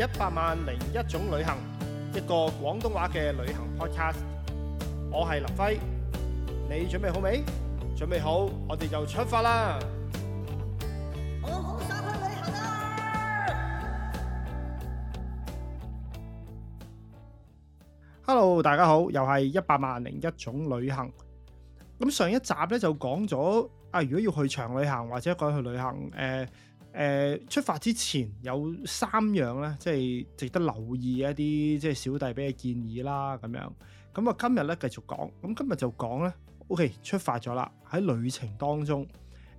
一百萬零一種旅行，一個廣東話嘅旅行 podcast。我係林輝，你準備好未？準備好，我哋就出發啦！我好想去旅行啊！Hello，大家好，又係一百萬零一種旅行。咁上一集咧就講咗啊，如果要去長旅行或者講去旅行誒。誒出發之前有三樣咧，即係值得留意一啲，即係小弟俾嘅建議啦，咁樣咁啊，今日咧繼續講，咁今日就講咧。O.K. 出發咗啦，喺旅程當中，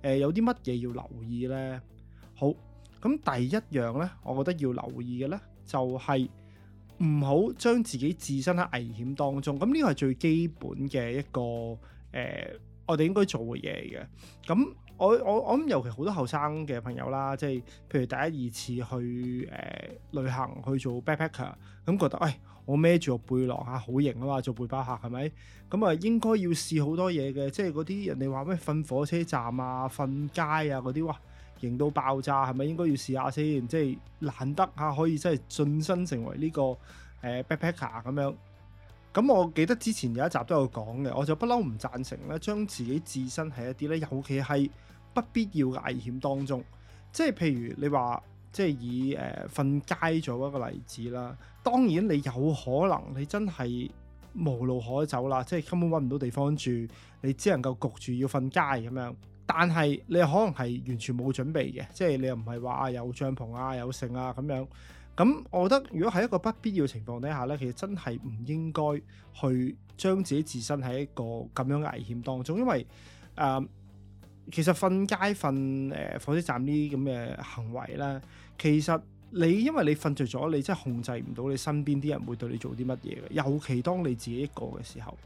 誒有啲乜嘢要留意咧？好，咁第一樣咧，我覺得要留意嘅咧，就係唔好將自己置身喺危險當中。咁呢個係最基本嘅一個誒，我哋應該做嘅嘢嘅。咁我我我諗，尤其好多後生嘅朋友啦，即係譬如第一二次去誒、呃、旅行去做 backpacker，咁覺得，哎，我孭住個背囊啊，好型啊嘛，做背包客係咪？咁啊，應該要試好多嘢嘅，即係嗰啲人哋話咩瞓火車站啊、瞓街啊嗰啲，哇，型到爆炸，係咪應該要試下先？即係難得嚇可以真係進身成為呢個誒 backpacker 咁樣。咁、嗯嗯嗯嗯、我記得之前有一集都有講嘅，我就不嬲唔贊成咧，將自己置身喺一啲咧，尤其係。不必要嘅危險當中，即係譬如你話，即係以誒瞓、呃、街做一個例子啦。當然你有可能你真係無路可走啦，即係根本揾唔到地方住，你只能夠焗住要瞓街咁樣。但係你可能係完全冇準備嘅，即係你又唔係話有帳篷啊，有剩啊咁樣。咁我覺得如果喺一個不必要情況底下呢，其實真係唔應該去將自己置身喺一個咁樣嘅危險當中，因為誒。呃其實瞓街瞓誒火車站呢啲咁嘅行為啦，其實你因為你瞓著咗，你真係控制唔到你身邊啲人會對你做啲乜嘢嘅。尤其當你自己一個嘅時候，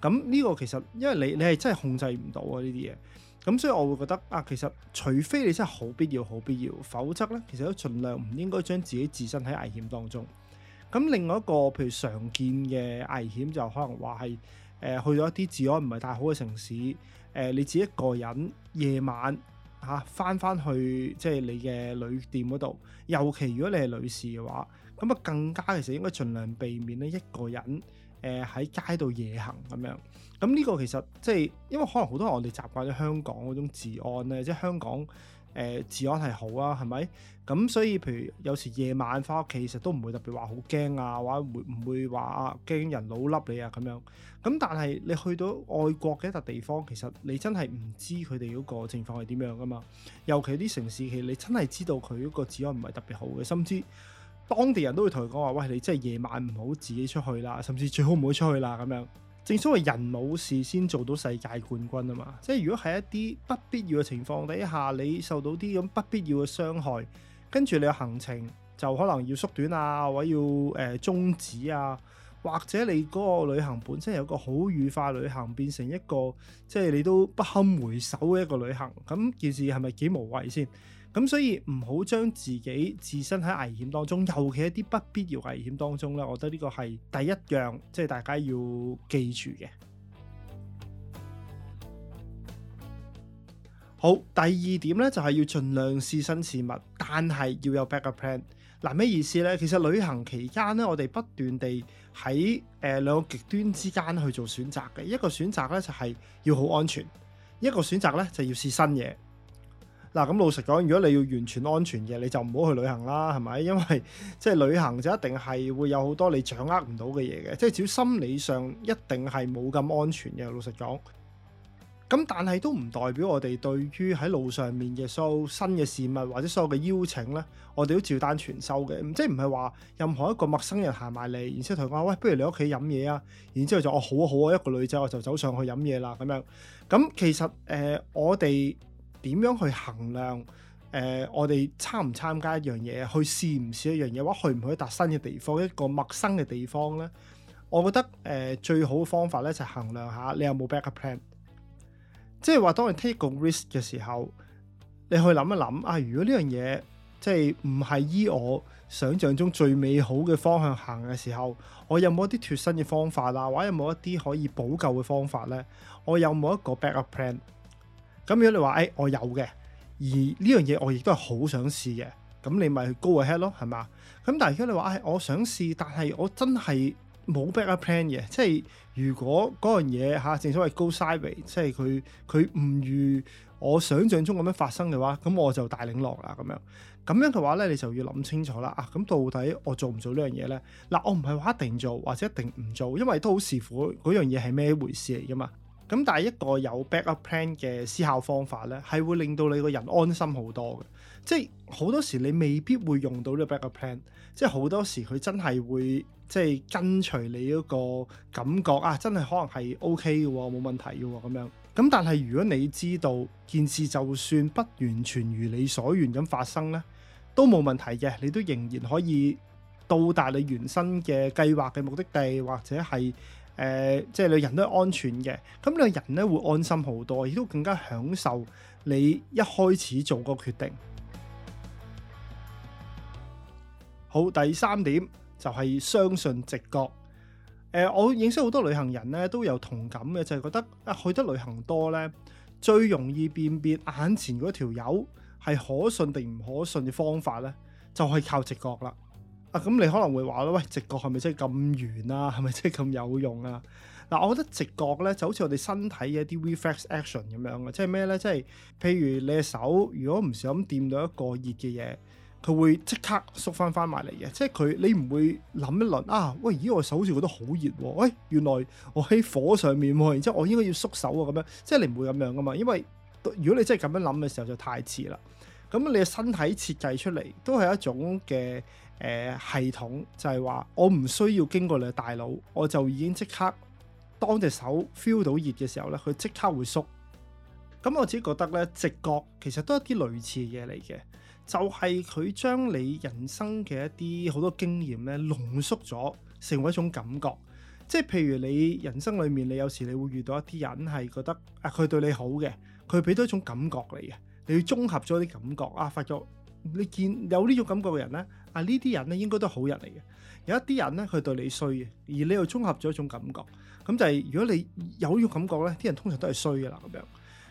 咁呢個其實因為你你係真係控制唔到啊呢啲嘢。咁所以我會覺得啊，其實除非你真係好必要好必要，否則咧其實都盡量唔應該將自己置身喺危險當中。咁另外一個譬如常見嘅危險就可能話係。誒去咗一啲治安唔係太好嘅城市，誒、呃、你自己一個人夜晚吓返返去，即係你嘅旅店嗰度，尤其如果你係女士嘅話，咁啊更加其實應該盡量避免咧一個人誒喺、呃、街度夜行咁樣。咁呢個其實即係因為可能好多人我哋習慣咗香港嗰種治安咧，即係香港。呃、治安係好啊，係咪？咁所以，譬如有時夜晚返屋企，其實都唔會特別話好驚啊，或者會唔會話啊驚人老笠你啊咁樣。咁但係你去到外國嘅一笪地方，其實你真係唔知佢哋嗰個情況係點樣噶嘛。尤其啲城市，其實你真係知道佢嗰個治安唔係特別好嘅，甚至當地人都會同佢講話：喂，你真係夜晚唔好自己出去啦，甚至最好唔好出去啦咁樣。正所謂人冇事先做到世界冠軍啊嘛！即係如果喺一啲不必要嘅情況底下，你受到啲咁不必要嘅傷害，跟住你嘅行程就可能要縮短啊，或者要誒、呃、中止啊，或者你嗰個旅行本身有一個好愉快旅行，變成一個即係你都不堪回首嘅一個旅行，咁件事係咪幾無謂先？咁所以唔好將自己置身喺危險當中，尤其一啲不必要危險當中啦。我覺得呢個係第一樣，即係大家要記住嘅。好，第二點咧就係、是、要盡量試新事物，但係要有 backup plan。嗱、啊、咩意思呢？其實旅行期間咧，我哋不斷地喺誒兩個極端之間去做選擇嘅。一個選擇咧就係、是、要好安全，一個選擇咧就是、要試新嘢。嗱咁老實講，如果你要完全安全嘅，你就唔好去旅行啦，係咪？因為即係旅行就一定係會有好多你掌握唔到嘅嘢嘅，即係只要心理上一定係冇咁安全嘅。老實講，咁但係都唔代表我哋對於喺路上面嘅所有新嘅事物或者所有嘅邀請呢，我哋都照單全收嘅，即係唔係話任何一個陌生人行埋嚟，然之後同佢話喂，不如你屋企飲嘢啊，然之後就我、哦、好好啊，一個女仔我就走上去飲嘢啦咁樣。咁其實誒、呃，我哋點樣去衡量？誒、呃，我哋參唔參加一樣嘢，去試唔試一樣嘢，或去唔去一笪新嘅地方，一個陌生嘅地方呢，我覺得誒、呃，最好嘅方法咧就係、是、衡量下你有冇 backup plan。即係話，當你 take 個 risk 嘅時候，你去以諗一諗啊。如果呢樣嘢即係唔係依我想象中最美好嘅方向行嘅時候，我有冇一啲脫身嘅方法啊？或者有冇一啲可以補救嘅方法呢？我有冇一個 backup plan？咁如果你話誒、哎、我有嘅，而呢樣嘢我亦都係好想試嘅，咁你咪去 go ahead 咯，係嘛？咁但係如果你話誒、哎、我想試，但係我真係冇 back up plan 嘅，即係如果嗰樣嘢嚇正所謂 go sideways，即係佢佢唔如我想象中咁樣發生嘅話，咁我就大領落啦咁樣。咁樣嘅話咧，你就要諗清楚啦啊！咁到底我做唔做呢樣嘢咧？嗱，我唔係話一定做或者一定唔做，因為都好視乎嗰樣嘢係咩回事嚟噶嘛。咁但係一個有 backup plan 嘅思考方法咧，係會令到你個人安心好多嘅。即係好多時你未必會用到呢個 backup plan，即係好多時佢真係會即係跟隨你嗰個感覺啊，真係可能係 OK 嘅喎、哦，冇問題嘅喎咁樣。咁但係如果你知道件事就算不完全如你所願咁發生呢，都冇問題嘅，你都仍然可以到達你原生嘅計劃嘅目的地或者係。誒、呃，即係你人都係安全嘅，咁你個人咧會安心好多，亦都更加享受你一開始做個決定。好，第三點就係、是、相信直覺。呃、我認識好多旅行人咧都有同感嘅，就係、是、覺得啊，去得旅行多呢，最容易辨別眼前嗰條友係可信定唔可信嘅方法呢，就係靠直覺啦。啊，咁你可能會話咧，喂，直覺係咪真係咁圓啊？係咪真係咁有用啊？嗱、啊，我覺得直覺咧就好似我哋身體嘅一啲 reflex action 咁樣嘅，即係咩咧？即係譬如你嘅手如果唔小心掂到一個熱嘅嘢，佢會即刻縮翻翻埋嚟嘅。即係佢你唔會諗一輪啊，喂，咦，我手好似覺得好熱喎，誒、哎，原來我喺火上面喎、啊，然之後我應該要縮手啊咁樣，即係你唔會咁樣噶嘛，因為如果你真係咁樣諗嘅時候就太遲啦。咁你嘅身體設計出嚟都係一種嘅誒、呃、系統，就係、是、話我唔需要經過你嘅大腦，我就已經即刻當隻手 feel 到熱嘅時候咧，佢即刻會縮。咁我自己覺得咧，直覺其實都係一啲類似嘅嘢嚟嘅，就係佢將你人生嘅一啲好多經驗咧，濃縮咗成為一種感覺。即係譬如你人生裡面，你有時你會遇到一啲人係覺得啊佢對你好嘅，佢俾到一種感覺嚟嘅。你要綜合咗啲感覺啊，發覺你見有呢種感覺嘅人咧，啊呢啲人咧應該都係好人嚟嘅。有一啲人咧佢對你衰嘅，而你又綜合咗一種感覺，咁就係、係、如果你有呢種感覺咧，啲人通常都係衰嘅啦咁樣。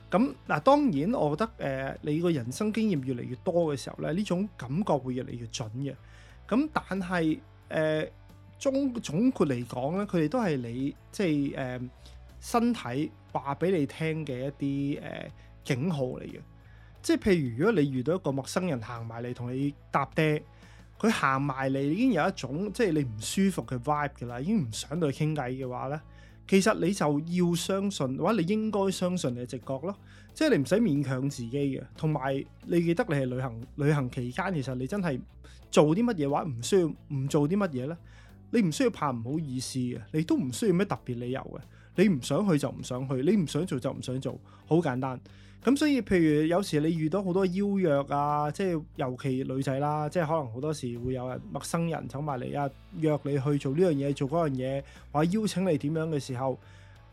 咁嗱當然，我覺得誒、呃、你個人生經驗越嚟越多嘅時候咧，呢種感覺會越嚟越準嘅。咁但係誒、呃、總總括嚟講咧，佢哋都係你即係誒、呃、身體話俾你聽嘅一啲誒、呃、警號嚟嘅。即係譬如，如果你遇到一個陌生人行埋嚟同你搭嗲，佢行埋嚟已經有一種即係你唔舒服嘅 vibe 嘅啦，已經唔想同佢傾偈嘅話咧，其實你就要相信，或者你應該相信你嘅直覺咯。即係你唔使勉強自己嘅，同埋你記得你係旅行旅行期間，其實你真係做啲乜嘢，或者唔需要唔做啲乜嘢咧，你唔需要怕唔好意思嘅，你都唔需要咩特別理由嘅。你唔想去就唔想去，你唔想做就唔想做，好簡單。咁所以，譬如有時你遇到好多邀約啊，即係尤其女仔啦，即係可能好多時會有人陌生人走埋嚟啊，約你去做呢樣嘢，做嗰樣嘢，話邀請你點樣嘅時候，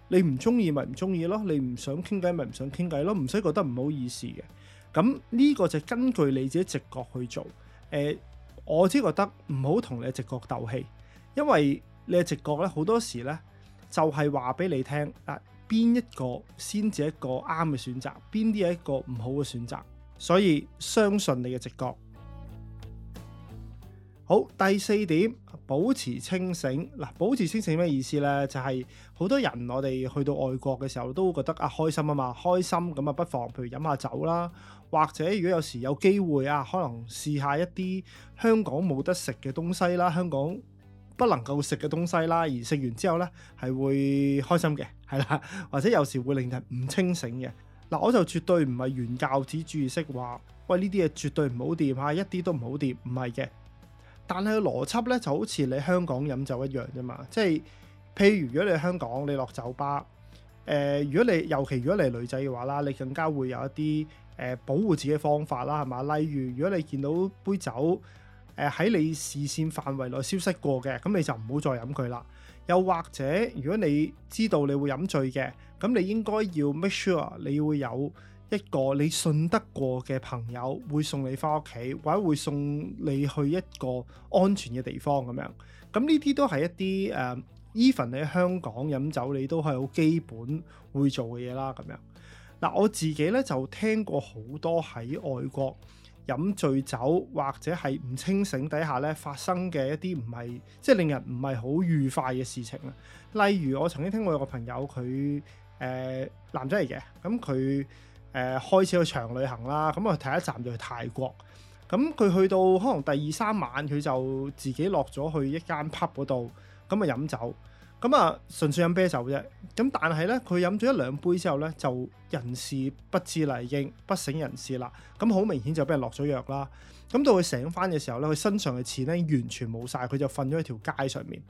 你唔中意咪唔中意咯，你唔想傾偈咪唔想傾偈咯，唔使覺得唔好意思嘅。咁呢個就根據你自己直覺去做。誒、呃，我只覺得唔好同你直覺鬥氣，因為你嘅直覺咧好多時咧。就係話俾你聽，嗱，邊一個先至一個啱嘅選擇，邊啲係一個唔好嘅選擇，所以相信你嘅直覺。好，第四點，保持清醒。嗱，保持清醒咩意思呢？就係、是、好多人我哋去到外國嘅時候，都會覺得啊開心啊嘛，開心咁啊不妨，譬如飲下酒啦，或者如果有時有機會啊，可能試下一啲香港冇得食嘅東西啦，香港。不能夠食嘅東西啦，而食完之後呢，係會開心嘅，係啦，或者有時會令人唔清醒嘅。嗱，我就絕對唔係原教旨主義式話，喂呢啲嘢絕對唔好掂啊，一啲都唔好掂，唔係嘅。但係個邏輯呢就好似你香港飲酒一樣啫嘛，即係譬如如果你喺香港你落酒吧，誒，如果你尤其、呃、如果你係女仔嘅話啦，你更加會有一啲誒、呃、保護自己嘅方法啦，係嘛？例如如果你見到杯酒。誒喺你視線範圍內消失過嘅，咁你就唔好再飲佢啦。又或者，如果你知道你會飲醉嘅，咁你應該要 make sure 你會有一個你信得過嘅朋友會送你翻屋企，或者會送你去一個安全嘅地方咁樣。咁呢啲都係一啲誒，even 喺香港飲酒你都係好基本會做嘅嘢啦咁樣。嗱、啊，我自己咧就聽過好多喺外國。飲醉酒或者係唔清醒底下咧發生嘅一啲唔係，即係令人唔係好愉快嘅事情啦。例如我曾經聽過有個朋友佢，誒、呃、男仔嚟嘅，咁佢誒開始去長旅行啦，咁啊第一站就去泰國，咁佢去到可能第二三晚佢就自己落咗去一間 pub 度，咁啊飲酒。咁啊、嗯，純粹飲啤酒啫。咁但係咧，佢飲咗一兩杯之後咧，就人事不知禮應啦，已經不省人事啦。咁、嗯、好明顯就俾人落咗藥啦。咁、嗯、到佢醒返嘅時候咧，佢身上嘅錢咧完全冇晒，佢就瞓咗喺條街上面。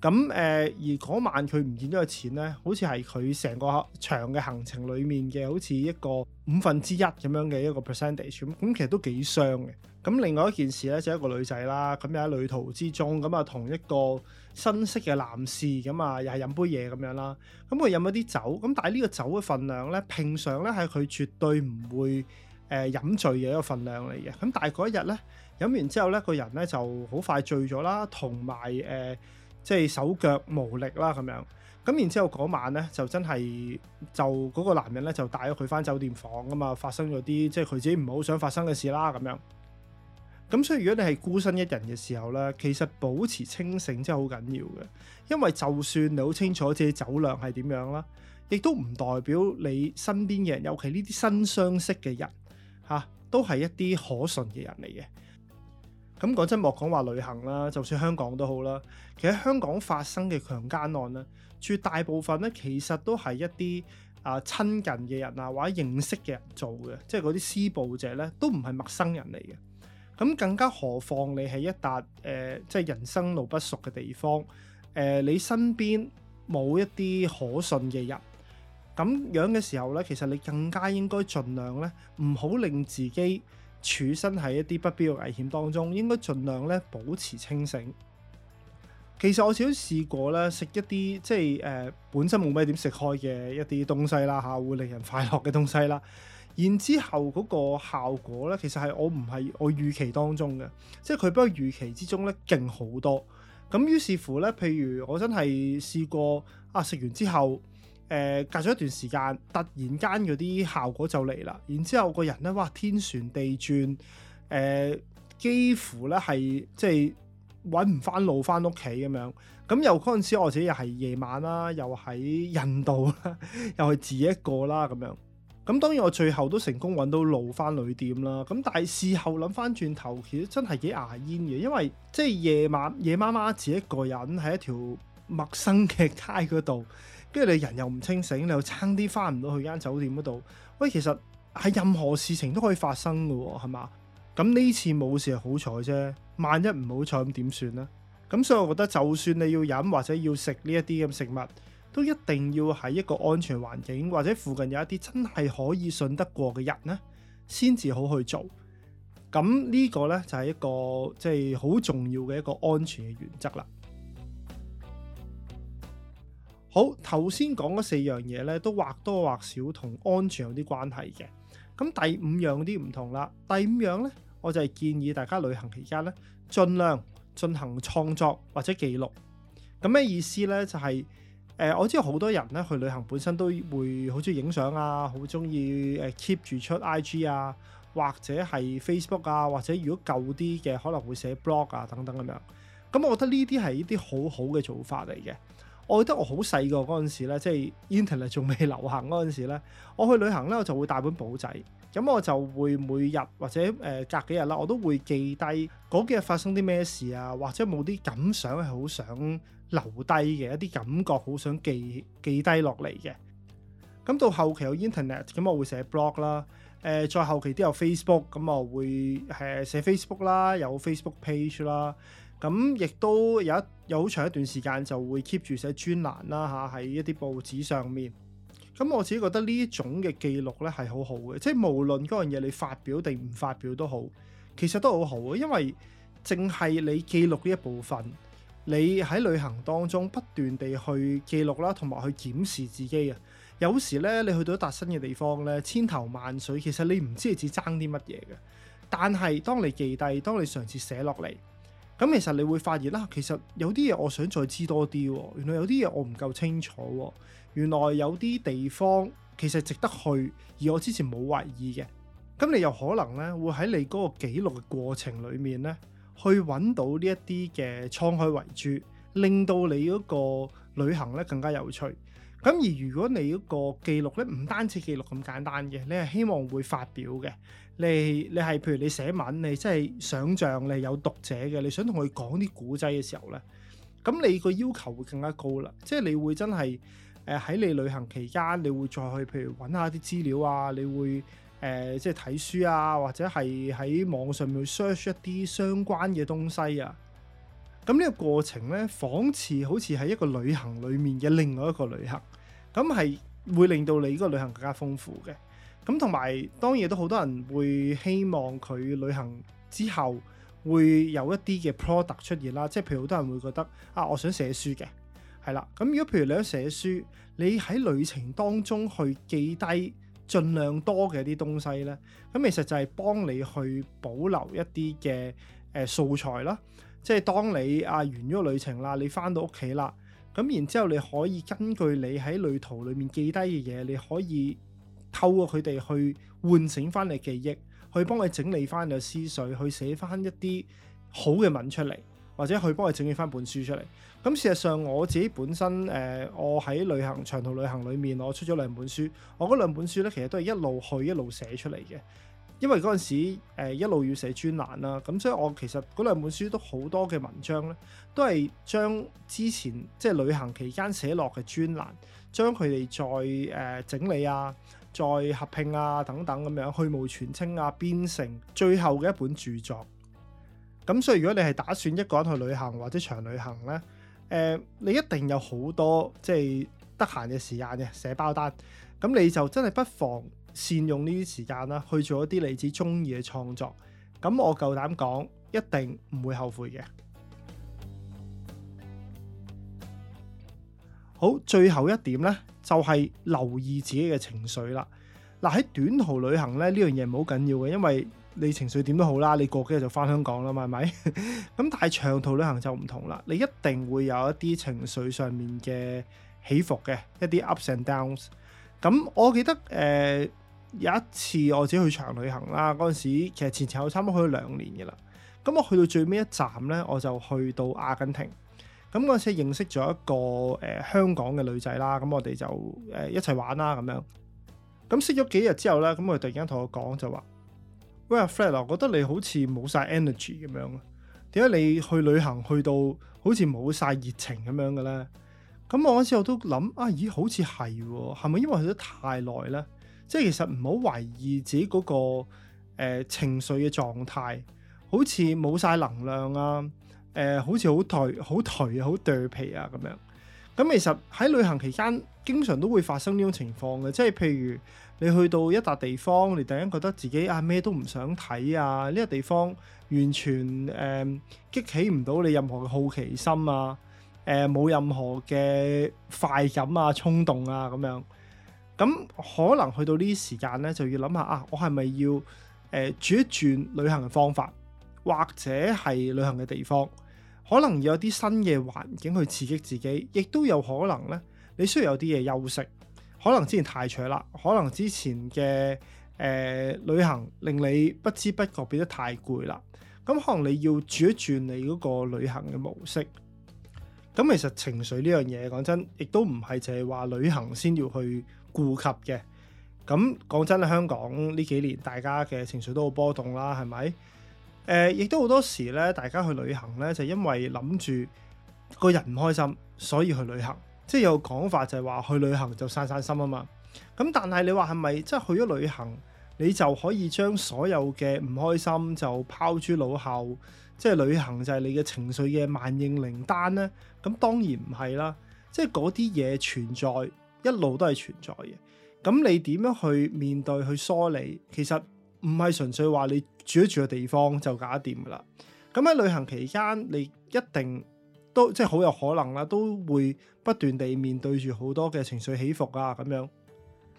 咁誒，而嗰晚佢唔見咗個錢咧，好似係佢成個長嘅行程裡面嘅，好似一個五分之一咁樣嘅一個 percentage 咁，咁其實都幾傷嘅。咁另外一件事咧，就係、一個女仔啦，咁又喺旅途之中，咁啊同一個新識嘅男士，咁啊又係飲杯嘢咁樣啦。咁佢飲咗啲酒，咁但係呢個酒嘅份量咧，平常咧係佢絕對唔會誒、呃、飲醉嘅一個份量嚟嘅。咁但係嗰一日咧飲完之後咧，個人咧就好快醉咗啦，同埋誒。呃即係手腳無力啦，咁樣咁然之後嗰晚咧就真係就嗰個男人咧就帶咗佢返酒店房啊嘛，發生咗啲即係佢自己唔好想發生嘅事啦，咁樣咁所以如果你係孤身一人嘅時候咧，其實保持清醒真係好緊要嘅，因為就算你好清楚自己酒量係點樣啦，亦都唔代表你身邊嘅人，尤其呢啲新相識嘅人嚇、啊，都係一啲可信嘅人嚟嘅。咁講真，莫講話旅行啦，就算香港都好啦。其實香港發生嘅強姦案咧，絕大部分咧其實都係一啲啊親近嘅人啊，或者認識嘅人做嘅，即係嗰啲施暴者咧都唔係陌生人嚟嘅。咁更加何況你係一笪誒、呃，即係人生路不熟嘅地方，誒、呃、你身邊冇一啲可信嘅人，咁樣嘅時候咧，其實你更加應該盡量咧，唔好令自己。處身喺一啲不必要危險當中，應該盡量咧保持清醒。其實我小試過咧食一啲即係誒、呃、本身冇咩點食開嘅一啲東西啦吓，會令人快樂嘅東西啦。然之後嗰個效果咧，其實係我唔係我預期當中嘅，即係佢比我預期之中咧勁好多。咁於是乎咧，譬如我真係試過啊食完之後。誒、呃、隔咗一段時間，突然間嗰啲效果就嚟啦，然之後個人咧，哇，天旋地轉，誒、呃、幾乎咧係即係揾唔翻路翻屋企咁樣。咁、嗯、又嗰陣時我自己又係夜晚啦，又喺印度啦， 又係自己一個啦咁樣。咁、嗯、當然我最後都成功揾到路翻旅店啦。咁但係事後諗翻轉頭，其實真係幾牙煙嘅，因為即係夜晚，夜媽媽自己一個人喺一條陌生嘅街嗰度。跟住你人又唔清醒，你又差啲翻唔到去間酒店嗰度。喂，其實係任何事情都可以發生㗎喎，係嘛？咁呢次冇事係好彩啫。萬一唔好彩咁點算咧？咁所以我覺得，就算你要飲或者要食呢一啲咁食物，都一定要喺一個安全環境，或者附近有一啲真係可以信得過嘅人呢，先至好去做。咁呢個呢，就係、是、一個即係好重要嘅一個安全嘅原則啦。好，頭先講嗰四樣嘢咧，都或多或少同安全有啲關係嘅。咁第五樣嗰啲唔同啦。第五樣呢，我就係建議大家旅行期間呢，盡量進行創作或者記錄。咁咩意思呢？就係、是、誒、呃，我知道好多人呢，去旅行本身都會好中意影相啊，好中意誒 keep 住出 IG 啊，或者係 Facebook 啊，或者如果舊啲嘅可能會寫 blog 啊等等咁樣。咁我覺得呢啲係一啲好好嘅做法嚟嘅。我記得我好細個嗰陣時咧，即係 Internet 仲未流行嗰陣時咧，我去旅行咧，我就會帶本簿仔，咁我就會每日或者誒隔幾日啦，我都會記低嗰幾日發生啲咩事啊，或者冇啲感想係好想留低嘅一啲感覺，好想記記低落嚟嘅。咁到後期有 Internet，咁我會寫 blog 啦，誒再後期都有 Facebook，咁我會誒寫 Facebook 啦，有 Facebook page 啦。咁亦都有一有好長一段時間就會 keep 住寫專欄啦嚇，喺、啊、一啲報紙上面。咁、啊、我自己覺得呢種嘅記錄咧係好好嘅，即係無論嗰樣嘢你發表定唔發表都好，其實都好好嘅，因為淨係你記錄呢一部分，你喺旅行當中不斷地去記錄啦，同埋去檢視自己啊。有時咧你去到一笪新嘅地方咧，千頭萬緒，其實你唔知你只爭啲乜嘢嘅。但係當你記低，當你上次寫落嚟。咁其實你會發現啦，啊，其實有啲嘢我想再知多啲，原來有啲嘢我唔夠清楚，原來有啲地方其實值得去，而我之前冇懷疑嘅，咁你又可能咧會喺你嗰個記錄嘅過程裡面咧，去揾到呢一啲嘅滄海遺珠，令到你嗰個旅行咧更加有趣。咁而如果你嗰個記錄咧唔單止記錄咁簡單嘅，你係希望會發表嘅，你你係譬如你寫文，你真係想像你係有讀者嘅，你想同佢講啲古仔嘅時候咧，咁你個要求會更加高啦，即係你會真係誒喺你旅行期間，你會再去譬如揾下啲資料啊，你會誒、呃、即係睇書啊，或者係喺網上面 search 一啲相關嘅東西啊。咁呢個過程咧，仿似好似係一個旅行裡面嘅另外一個旅行，咁係會令到你個旅行更加豐富嘅。咁同埋當然都好多人會希望佢旅行之後會有一啲嘅 product 出現啦，即係譬如好多人會覺得啊，我想寫書嘅，係啦。咁如果譬如你想寫書，你喺旅程當中去記低盡量多嘅一啲東西咧，咁其實就係幫你去保留一啲嘅誒素材啦。即係當你啊完咗旅程啦，你翻到屋企啦，咁然之後你可以根據你喺旅途裏面記低嘅嘢，你可以透過佢哋去喚醒翻你記憶，去幫你整理翻你嘅思緒，去寫翻一啲好嘅文出嚟，或者去幫你整理翻本書出嚟。咁事實上我自己本身誒、呃，我喺旅行長途旅行裏面，我出咗兩本書，我嗰兩本書咧其實都係一路去一路寫出嚟嘅。因為嗰陣時、呃、一路要寫專欄啦，咁所以我其實嗰兩本書都好多嘅文章咧，都係將之前即係旅行期間寫落嘅專欄，將佢哋再誒、呃、整理啊、再合併啊等等咁樣去蕪存菁啊，編成最後嘅一本著作。咁所以如果你係打算一個人去旅行或者長旅行咧，誒、呃、你一定有好多即係得閒嘅時間嘅寫包單，咁你就真係不妨，善用呢啲時間啦，去做一啲你自己中意嘅創作。咁我夠膽講，一定唔會後悔嘅。好，最後一點呢，就係留意自己嘅情緒啦。嗱，喺短途旅行呢，呢樣嘢唔好緊要嘅，因為你情緒點都好啦，你過幾日就返香港啦，係咪？咁但係長途旅行就唔同啦，你一定會有一啲情緒上面嘅起伏嘅，一啲 ups and downs。咁我記得誒。有一次我自己去長旅行啦，嗰陣時其實前前後後差唔多去咗兩年嘅啦。咁我去到最尾一站呢，我就去到阿根廷。咁嗰陣時認識咗一個誒、呃、香港嘅女仔啦。咁我哋就誒、呃、一齊玩啦咁樣。咁、嗯、識咗幾日之後呢，咁佢突然間同我講就話喂，Fred，我覺得你好似冇晒 energy 咁樣。點解你去旅行去到好似冇晒熱情咁樣嘅呢？」咁我嗰陣時我都諗啊，咦，好似係喎，係咪因為去得太耐呢？」即係其實唔好懷疑自己嗰、那個、呃、情緒嘅狀態，好似冇晒能量啊，誒、好似好頹好頹啊，好對皮啊咁樣。咁其實喺旅行期間，經常都會發生呢種情況嘅，即係譬如你去到一笪地方，你突然間覺得自己啊咩都唔想睇啊，呢、啊這個地方完全誒、呃、激起唔到你任何嘅好奇心啊，誒、呃、冇任何嘅快感啊、衝動啊咁樣。咁可能去到呢啲時間呢，就要諗下啊，我係咪要誒轉、呃、一轉旅行嘅方法，或者係旅行嘅地方，可能要有啲新嘅環境去刺激自己，亦都有可能呢，你需要有啲嘢休息，可能之前太長啦，可能之前嘅誒、呃、旅行令你不知不覺變得太攰啦，咁可能你要轉一轉你嗰個旅行嘅模式。咁其實情緒呢樣嘢講真，亦都唔係淨係話旅行先要去顧及嘅，咁講真，香港呢幾年大家嘅情緒都好波動啦，係咪？誒，亦都好多時咧，大家去旅行咧，就因為諗住個人唔開心，所以去旅行。即有講法就係話去旅行就散散心啊嘛。咁但係你話係咪即去咗旅行，你就可以將所有嘅唔開心就拋諸腦後？即旅行就係你嘅情緒嘅萬應靈丹呢？咁當然唔係啦，即嗰啲嘢存在。一路都係存在嘅，咁你點樣去面對去梳理？其實唔係純粹話你住一住嘅地方就搞得掂噶啦。咁喺旅行期間，你一定都即係好有可能啦，都會不斷地面對住好多嘅情緒起伏啊，咁樣。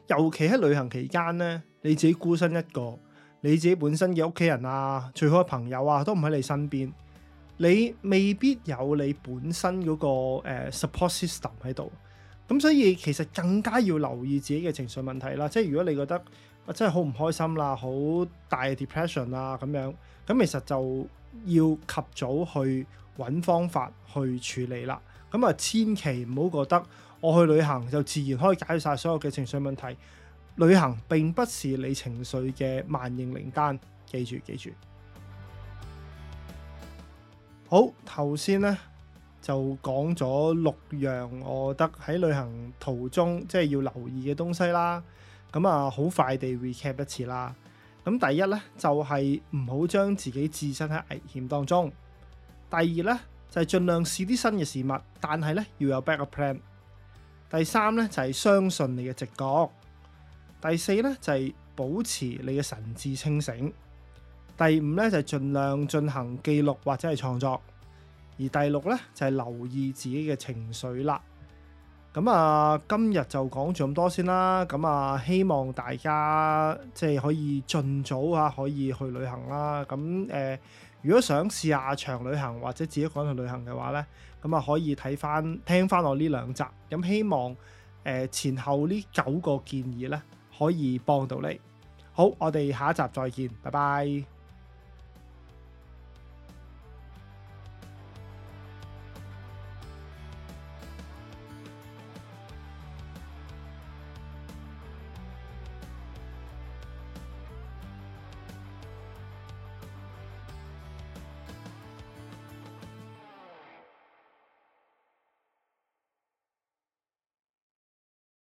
尤其喺旅行期間呢，你自己孤身一個，你自己本身嘅屋企人啊，最好嘅朋友啊，都唔喺你身邊，你未必有你本身嗰、那個誒、呃、support system 喺度。咁所以其實更加要留意自己嘅情緒問題啦，即係如果你覺得啊真係好唔開心啦，好大嘅 depression 啦，咁樣，咁其實就要及早去揾方法去處理啦。咁啊千祈唔好覺得我去旅行就自然可以解決晒所有嘅情緒問題。旅行並不是你情緒嘅萬應靈丹，記住記住。好，頭先呢，就講咗六樣，我覺得喺旅行途中即係要留意嘅東西啦。咁啊，好快地 recap 一次啦。咁第一呢，就係唔好將自己置身喺危險當中。第二呢，就係盡量試啲新嘅事物，但係呢，要有 backup plan。第三呢，就係相信你嘅直覺。第四呢，就係保持你嘅神智清醒。第五呢，就係盡量進行記錄或者係創作。而第六咧就係留意自己嘅情緒啦。咁啊，今日就講咗咁多先啦。咁啊，希望大家即係可以盡早啊可以去旅行啦。咁誒，如果想試下長旅行或者自己一個人去旅行嘅話咧，咁啊可以睇翻聽翻我呢兩集。咁希望誒前後呢九個建議咧可以幫到你。好，我哋下一集再見，拜拜。